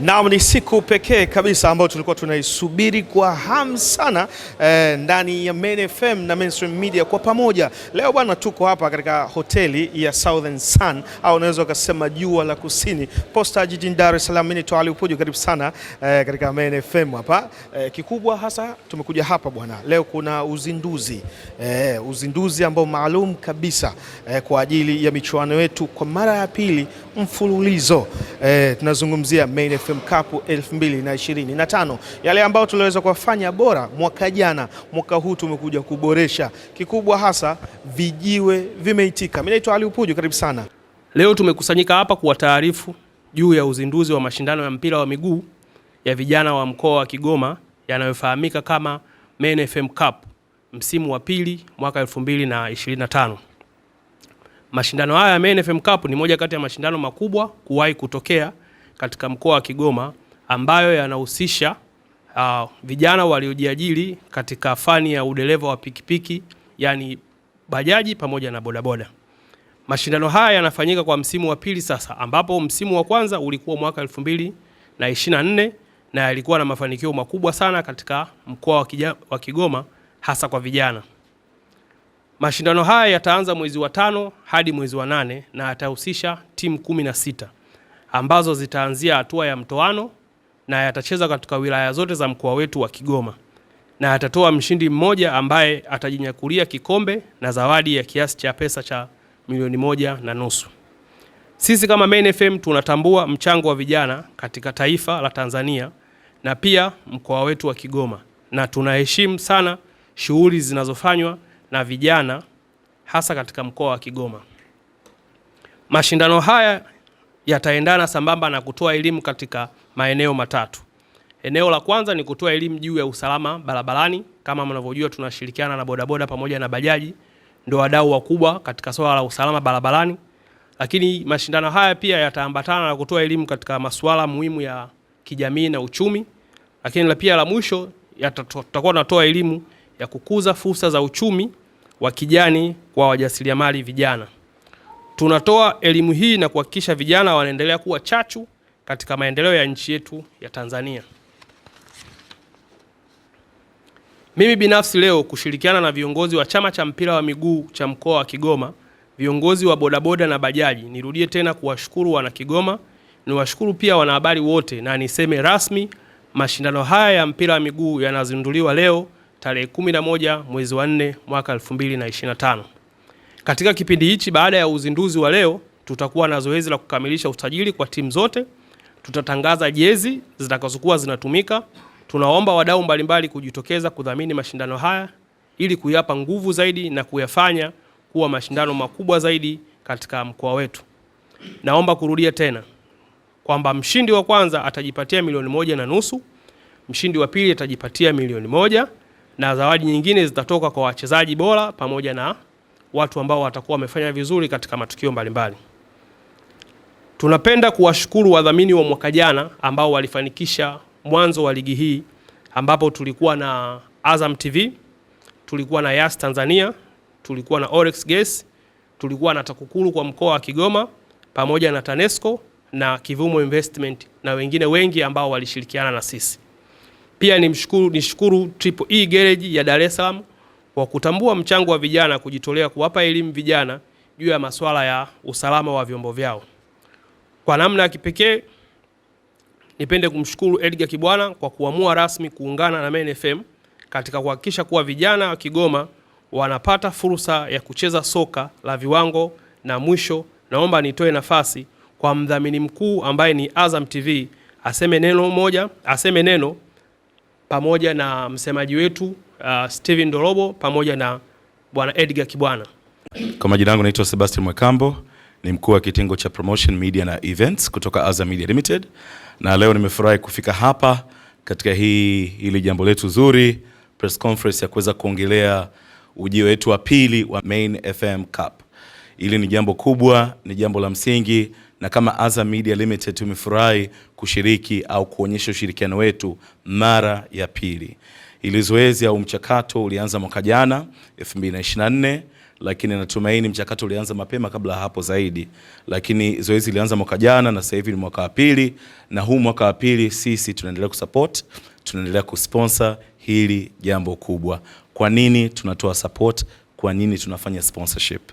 Naam, ni siku pekee kabisa ambayo tulikuwa tunaisubiri kwa hamu sana eh, ndani ya Main FM na Mainstream Media kwa pamoja. Leo bwana, tuko hapa katika hoteli ya Southern Sun au unaweza ukasema jua la kusini, Posta jijini Dar es Salaam. Mimi ni Ali Upojo, karibu sana eh, katika Main FM hapa eh, kikubwa hasa tumekuja hapa bwana, leo kuna uzinduzi eh, uzinduzi ambao maalum kabisa eh, kwa ajili ya michuano yetu kwa mara ya pili mfululizo eh, tunazungumzia Main FM Cup 2025 yale ambayo tuliweza kufanya bora mwaka jana, mwaka huu tumekuja kuboresha kikubwa, hasa vijiwe vimeitika. Mimi naitwa Ali Upuju, karibu sana. Leo tumekusanyika hapa kuwataarifu juu ya uzinduzi wa mashindano ya mpira wa miguu ya vijana wa mkoa wa Kigoma yanayofahamika kama Main FM Cup msimu wa pili mwaka 2025. Mashindano haya ya Main FM Cup ni moja kati ya mashindano makubwa kuwahi kutokea katika mkoa wa Kigoma ambayo yanahusisha uh, vijana waliojiajiri katika fani ya udereva wa pikipiki yani bajaji pamoja na bodaboda. Mashindano haya yanafanyika kwa msimu wa pili sasa, ambapo msimu wa kwanza ulikuwa mwaka 2024 na yalikuwa na mafanikio makubwa sana katika mkoa wa Kigoma hasa kwa vijana. Mashindano haya yataanza mwezi wa tano hadi mwezi wa nane na yatahusisha timu kumi na sita ambazo zitaanzia hatua ya mtoano na yatacheza katika wilaya zote za mkoa wetu wa Kigoma na atatoa mshindi mmoja ambaye atajinyakulia kikombe na zawadi ya kiasi cha pesa cha milioni moja na nusu. Sisi kama Main FM tunatambua mchango wa vijana katika taifa la Tanzania na pia mkoa wetu wa Kigoma na tunaheshimu sana shughuli zinazofanywa na vijana hasa katika mkoa wa Kigoma. Mashindano haya yataendana sambamba na kutoa elimu katika maeneo matatu. Eneo la kwanza ni kutoa elimu juu ya usalama barabarani. Kama mnavyojua, tunashirikiana na bodaboda pamoja na bajaji, ndio wadau wakubwa katika swala la usalama barabarani. Lakini mashindano haya pia yataambatana na kutoa elimu katika masuala muhimu ya kijamii na uchumi. Lakini la pia la mwisho, tutakuwa tunatoa elimu ya kukuza fursa za uchumi wa kijani kwa wajasiriamali vijana. Tunatoa elimu hii na kuhakikisha vijana wanaendelea kuwa chachu katika maendeleo ya nchi yetu ya Tanzania. Mimi binafsi leo kushirikiana na viongozi wa chama cha mpira wa miguu cha mkoa wa Kigoma, viongozi wa bodaboda na bajaji, nirudie tena kuwashukuru wana Kigoma, niwashukuru pia wanahabari wote, na niseme rasmi mashindano haya ya mpira wa miguu yanazinduliwa leo tarehe 11 mwezi wa 4 mwaka 2025. Katika kipindi hichi baada ya uzinduzi wa leo, tutakuwa na zoezi la kukamilisha usajili kwa timu zote. Tutatangaza jezi zitakazokuwa zinatumika. Tunaomba wadau mbalimbali kujitokeza kudhamini mashindano haya ili kuyapa nguvu zaidi na kuyafanya kuwa mashindano makubwa zaidi katika mkoa wetu. Naomba kurudia tena kwamba mshindi wa kwanza atajipatia milioni moja na nusu, mshindi wa pili atajipatia milioni moja na zawadi nyingine zitatoka kwa wachezaji bora pamoja na watu ambao watakuwa wamefanya vizuri katika matukio mbalimbali. Tunapenda kuwashukuru wadhamini wa mwaka jana ambao walifanikisha mwanzo wa ligi hii ambapo tulikuwa na Azam TV, tulikuwa na Yas Tanzania, tulikuwa na Orex Gas, tulikuwa na TAKUKURU kwa mkoa wa Kigoma pamoja na TANESCO na Kivumo Investment na wengine wengi ambao walishirikiana na sisi. Pia nimshukuru nishukuru Triple E Garage ya Dar es Salaam kwa kutambua mchango wa vijana kujitolea kuwapa elimu vijana juu ya masuala ya usalama wa vyombo vyao. Kwa namna ya kipekee nipende kumshukuru Edgar Kibwana kwa kuamua rasmi kuungana na Main FM katika kuhakikisha kuwa vijana wa Kigoma wanapata fursa ya kucheza soka la viwango, na mwisho naomba nitoe nafasi kwa mdhamini mkuu ambaye ni Azam TV aseme neno moja, aseme neno pamoja na msemaji wetu uh, Steven Dorobo pamoja na bwana Edgar Kibwana. Kwa majina yangu naitwa Sebastian Mwekambo, ni mkuu wa kitengo cha promotion media na events kutoka Azam Media Limited, na leo nimefurahi kufika hapa katika hii ili jambo letu zuri press conference ya kuweza kuongelea ujio wetu wa pili wa Main FM Cup. Hili ni jambo kubwa, ni jambo la msingi na kama Azam Media Limited tumefurahi kushiriki au kuonyesha ushirikiano wetu mara ya pili. Ili zoezi au mchakato ulianza mwaka jana 2024 lakini natumaini mchakato ulianza mapema kabla ya hapo zaidi, lakini zoezi ilianza mwaka jana na sasa hivi ni mwaka wa pili, na huu mwaka wa pili sisi tunaendelea kusupport, tunaendelea kusponsor hili jambo kubwa. Kwa nini tunatoa support? kwa nini tunafanya sponsorship.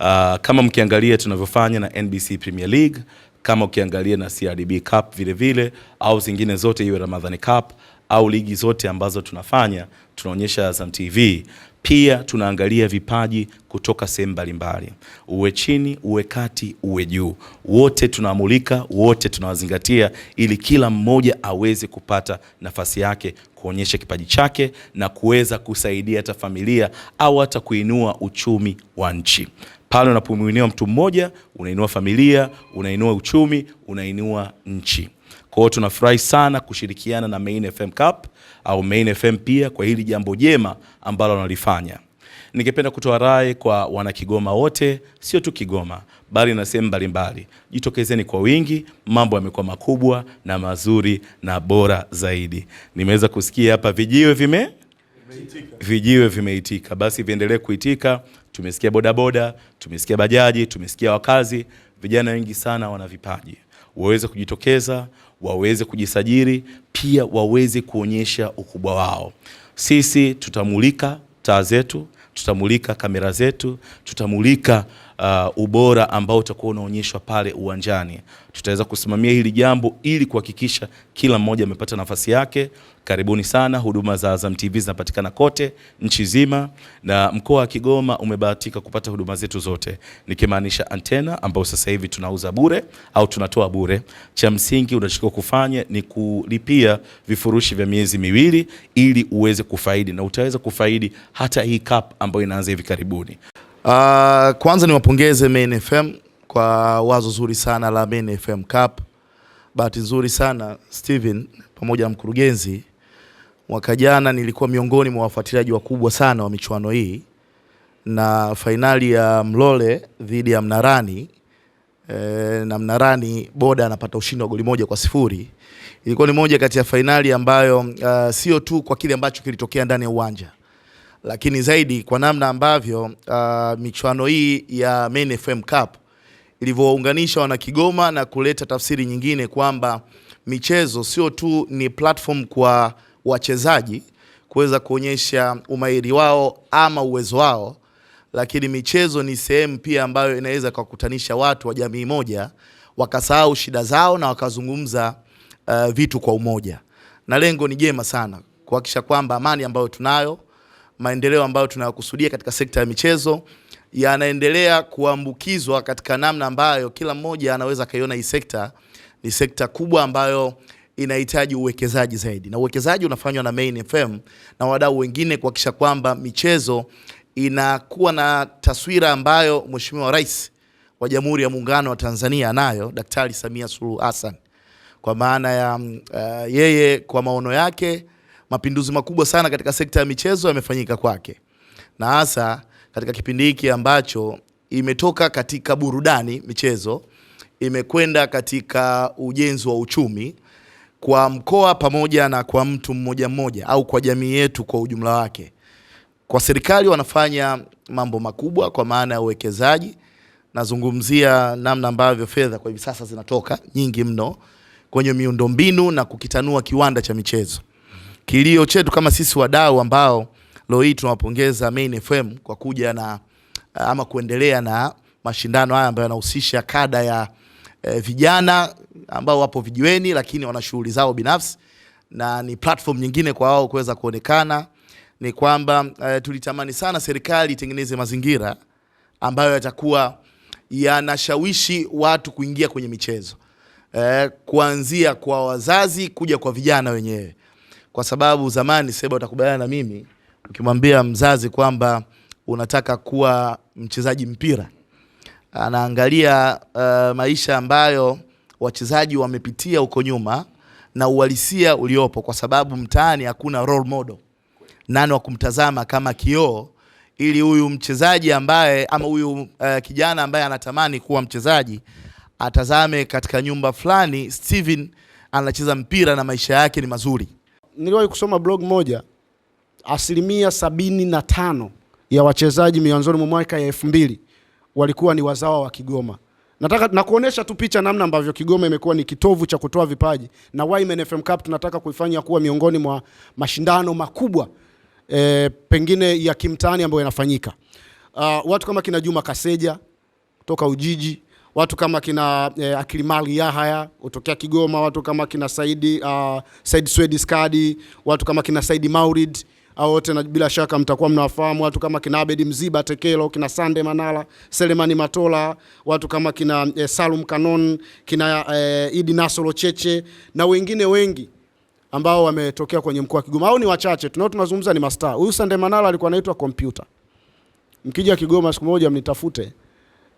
Uh, kama mkiangalia tunavyofanya na NBC Premier League, kama ukiangalia na CRDB Cup vile vile, au zingine zote iwe Ramadhani Cup au ligi zote ambazo tunafanya tunaonyesha Azam TV, pia tunaangalia vipaji kutoka sehemu mbalimbali, uwe chini, uwe kati, uwe juu, wote tunawamulika, wote tunawazingatia, ili kila mmoja aweze kupata nafasi yake kuonyesha kipaji chake na kuweza kusaidia hata familia au hata kuinua uchumi wa nchi. Pale unapomuinua mtu mmoja, unainua familia, unainua uchumi, unainua nchi. Kwa hiyo tunafurahi sana kushirikiana na Main FM Cup au Main FM pia kwa hili jambo jema ambalo wanalifanya. Ningependa kutoa rai kwa wanakigoma wote, sio tu Kigoma bali na sehemu mbalimbali, jitokezeni kwa wingi. Mambo yamekuwa makubwa na mazuri na bora zaidi. Nimeweza kusikia hapa vijiwe vime Itika. Vijiwe vimeitika, basi viendelee kuitika. Tumesikia bodaboda, tumesikia bajaji, tumesikia wakazi. Vijana wengi sana wana vipaji waweze kujitokeza, waweze kujisajili, pia waweze kuonyesha ukubwa wao. Sisi tutamulika taa zetu, tutamulika kamera zetu, tutamulika uh, ubora ambao utakuwa unaonyeshwa pale uwanjani. Tutaweza kusimamia hili jambo ili kuhakikisha kila mmoja amepata nafasi yake. Karibuni sana. Huduma za Azam TV zinapatikana kote nchi zima, na mkoa wa Kigoma umebahatika kupata huduma zetu zote, nikimaanisha antena ambayo sasa hivi tunauza bure au tunatoa bure. Cha msingi unachotakiwa kufanya ni kulipia vifurushi vya miezi miwili ili uweze kufaidi, na utaweza kufaidi hata hii cup ambayo inaanza hivi karibuni. Uh, kwanza niwapongeze Main FM kwa wazo zuri sana la Main FM Cup. Bahati nzuri sana Steven pamoja na mkurugenzi, mwaka jana nilikuwa miongoni mwa wafuatiliaji wakubwa sana wa michuano hii na fainali ya Mlole dhidi ya Mnarani e, na Mnarani Boda anapata ushindi wa goli moja kwa sifuri. Ilikuwa ni moja kati ya fainali ambayo uh, sio tu kwa kile ambacho kilitokea ndani ya uwanja lakini zaidi kwa namna ambavyo uh, michuano hii ya Main FM Cup ilivyounganisha wana Kigoma na kuleta tafsiri nyingine kwamba michezo sio tu ni platform kwa wachezaji kuweza kuonyesha umahiri wao ama uwezo wao, lakini michezo ni sehemu pia ambayo inaweza kukutanisha watu wa jamii moja wakasahau shida zao na wakazungumza uh, vitu kwa umoja, na lengo ni jema sana kuhakikisha kwamba amani ambayo tunayo maendeleo ambayo tunayakusudia katika sekta ya michezo yanaendelea kuambukizwa katika namna ambayo kila mmoja anaweza akaiona hii sekta ni sekta kubwa ambayo inahitaji uwekezaji zaidi, na uwekezaji unafanywa na Main FM na wadau wengine kuhakikisha kwamba michezo inakuwa na taswira ambayo Mheshimiwa Rais wa Jamhuri ya Muungano wa Tanzania anayo, Daktari Samia Suluhu Hassan, kwa maana ya uh, yeye kwa maono yake mapinduzi makubwa sana katika sekta ya michezo yamefanyika kwake, na hasa katika kipindi hiki ambacho imetoka katika burudani michezo imekwenda katika ujenzi wa uchumi kwa mkoa pamoja na kwa mtu mmoja mmoja au kwa jamii yetu kwa ujumla wake. Kwa serikali wanafanya mambo makubwa kwa maana ya uwekezaji. Nazungumzia namna ambavyo fedha kwa hivi sasa zinatoka nyingi mno kwenye miundombinu na kukitanua kiwanda cha michezo kilio chetu kama sisi wadau ambao leo hii tunawapongeza Main FM kwa kuja na eh, ama kuendelea na mashindano haya ambayo yanahusisha kada ya e, vijana ambao wapo vijiweni lakini wana shughuli zao binafsi na ni platform nyingine kwa wao kuweza kuonekana. Ni kwamba e, tulitamani sana serikali itengeneze mazingira ambayo yatakuwa yanashawishi watu kuingia kwenye michezo e, kuanzia kwa wazazi kuja kwa vijana wenyewe kwa sababu zamani, Seba, utakubaliana na mimi, ukimwambia mzazi kwamba unataka kuwa mchezaji mpira, anaangalia uh, maisha ambayo wachezaji wamepitia huko nyuma na uhalisia uliopo, kwa sababu mtaani hakuna role model, nani wa kumtazama kama kioo ili huyu mchezaji ambaye ama huyu uh, kijana ambaye anatamani kuwa mchezaji atazame katika nyumba fulani, Steven anacheza mpira na maisha yake ni mazuri niliwahi kusoma blog moja, asilimia sabini na tano ya wachezaji mianzoni mwa mwaka ya elfu mbili walikuwa ni wazawa wa Kigoma. Nataka na kuonesha tu picha namna ambavyo Kigoma imekuwa ni kitovu cha kutoa vipaji na Wyman FM Cup tunataka kuifanya kuwa miongoni mwa mashindano makubwa e, pengine ya kimtaani ambayo yanafanyika. Uh, watu kama kina Juma Kaseja kutoka Ujiji watu kama kina eh, Akilimali Yahaya utokea Kigoma, watu kama kina Saidi, uh, Said Swedi Skadi, watu kama kina Saidi Maurid au wote na bila shaka mtakuwa mnawafahamu watu kama kina Abedi Mziba Tekelo, kina Sande Manala, Selemani Matola, watu kama kina eh, Salum Kanon, kina eh, Idi Nasolo Cheche na wengine wengi ambao wametokea kwenye mkoa wa Kigoma au ni wachache tunao tunazungumza ni mastaa. Huyu Sande Manala alikuwa anaitwa Computer. Mkija Kigoma siku moja mnitafute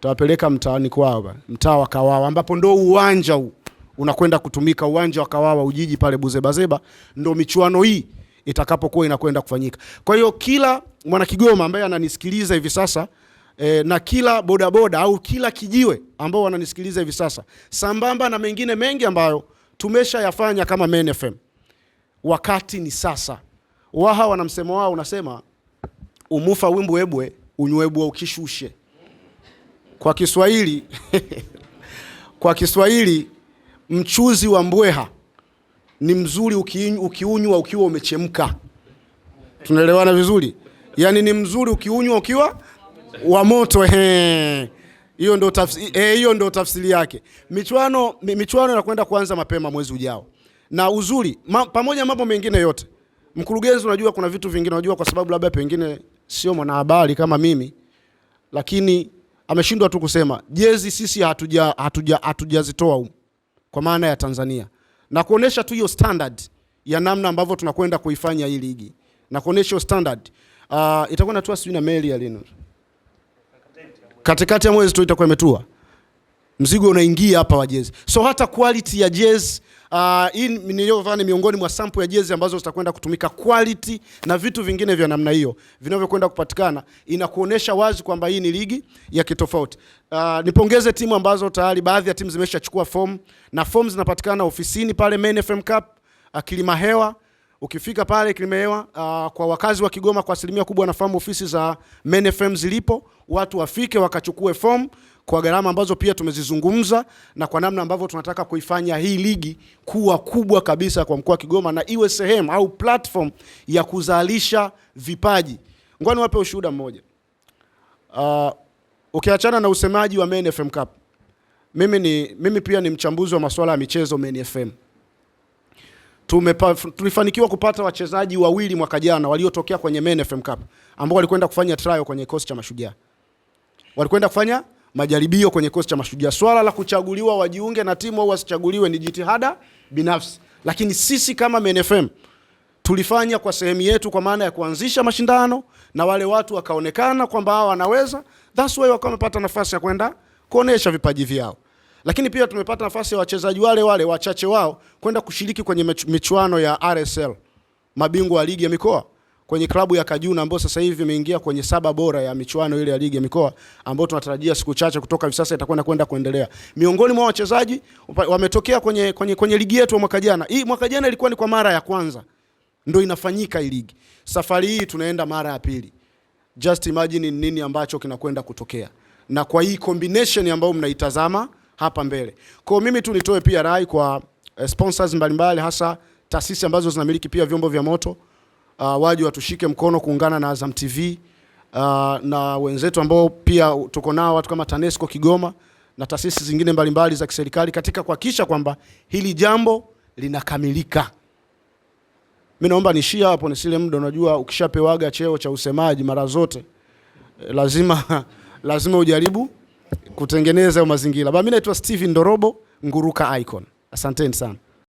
tawapeleka mtaani kwao, mtaa wa Kawawa ambapo ndo uwanja huu unakwenda kutumika, uwanja wa Kawawa Ujiji pale Buzebazeba, ndo michuano hii itakapokuwa inakwenda kufanyika. Kwa hiyo kila mwanakigoma ambaye ananisikiliza hivi sasa e, na kila bodaboda au kila kijiwe ambao wananisikiliza hivi sasa, sambamba na mengine mengi ambayo tumeshayafanya kama Main FM, wakati ni sasa. Waha wana msemo wao unasema, umufa wimbu ebwe unywebwa ukishushe kwa Kiswahili kwa Kiswahili mchuzi wa mbweha ni mzuri ukiunywa ukiwa umechemka. Tunaelewana vizuri? Yaani ni mzuri ukiunywa ukiwa wa moto. Hiyo ndo tafsiri, eh, hiyo ndio tafsiri yake. Michuano michuano inakwenda kuanza mapema mwezi ujao, na uzuri ma, pamoja mambo mengine yote, mkurugenzi, unajua kuna vitu vingine unajua, kwa sababu labda pengine sio mwanahabari kama mimi, lakini ameshindwa tu kusema jezi sisi hatujazitoa hatuja, hatujazitoa huko kwa maana ya Tanzania, na kuonesha tu hiyo standard ya namna ambavyo tunakwenda kuifanya hii ligi na kuonesha hiyo standard uh, itakuwa natua sijui na meli ya lino katikati ya mwezi tu itakuwa imetua, mzigo unaingia hapa wa jezi, so hata quality ya jezi Ah, hii niliyovaa ni miongoni mwa sampu ya jezi ambazo zitakwenda kutumika quality na vitu vingine vya namna hiyo vinavyokwenda kupatikana, inakuonesha wazi kwamba hii ni ligi ya kitofauti. Uh, nipongeze timu ambazo tayari baadhi ya timu zimeshachukua form na form zinapatikana ofisini pale Main FM Cup uh, ah, Kilima Hewa ukifika pale Kilima Hewa uh, kwa wakazi wa Kigoma kwa asilimia kubwa wanafahamu ofisi za Main FM zilipo, watu wafike wakachukue form kwa gharama ambazo pia tumezizungumza na kwa namna ambavyo tunataka kuifanya hii ligi kuwa kubwa kabisa kwa mkoa wa Kigoma na iwe sehemu au platform ya kuzalisha vipaji. Ngoja niwape ushuhuda mmoja. Uh, ukiachana na usemaji wa Main FM Cup, mimi ni mimi pia ni mchambuzi wa masuala ya michezo Main FM. Tumepa, tulifanikiwa kupata wachezaji wawili mwaka jana waliotokea kwenye Main FM Cup ambao walikwenda kufanya trial kwenye kikosi cha Mashujaa, walikwenda kufanya majaribio kwenye kikosi cha Mashujaa. Swala la kuchaguliwa wajiunge na timu au wasichaguliwe ni jitihada binafsi, lakini sisi kama MNFM tulifanya kwa sehemu yetu, kwa maana ya kuanzisha mashindano na wale watu wakaonekana kwamba hao wanaweza, that's why wakawa wamepata nafasi ya kwenda kuonesha vipaji vyao, lakini pia tumepata nafasi ya wachezaji wale wale wachache wao kwenda kushiriki kwenye michuano ya RSL, mabingwa wa ligi ya mikoa kwenye klabu ya Kajuna ambayo sasa hivi imeingia kwenye saba bora ya michuano ile ya ligi ya mikoa ambayo tunatarajia siku chache kutoka hivi sasa itakwenda kwenda kuendelea. Miongoni mwa wachezaji wametokea kwenye, kwenye, kwenye ligi yetu mwaka jana. Hii mwaka jana ilikuwa ni kwa mara ya kwanza ndio inafanyika hii ligi. Safari hii tunaenda mara ya pili. Just imagine nini ambacho kinakwenda kutokea na kwa hii combination ambayo mnaitazama hapa mbele. Kwa mimi tu nitoe pia rai kwa eh, sponsors mbalimbali, mbali, hasa taasisi ambazo zinamiliki pia vyombo vya moto uh, waje watushike mkono kuungana na Azam TV uh, ah, na wenzetu ambao pia tuko nao watu kama TANESCO Kigoma na taasisi zingine mbalimbali za kiserikali katika kuhakikisha kwamba hili jambo linakamilika. Mimi naomba nishia hapo, nisile muda. Unajua, ukishapewaga cheo cha usemaji mara zote eh, lazima lazima ujaribu kutengeneza mazingira. Mimi naitwa Steven Ndorobo Nguruka Icon. Asanteni sana.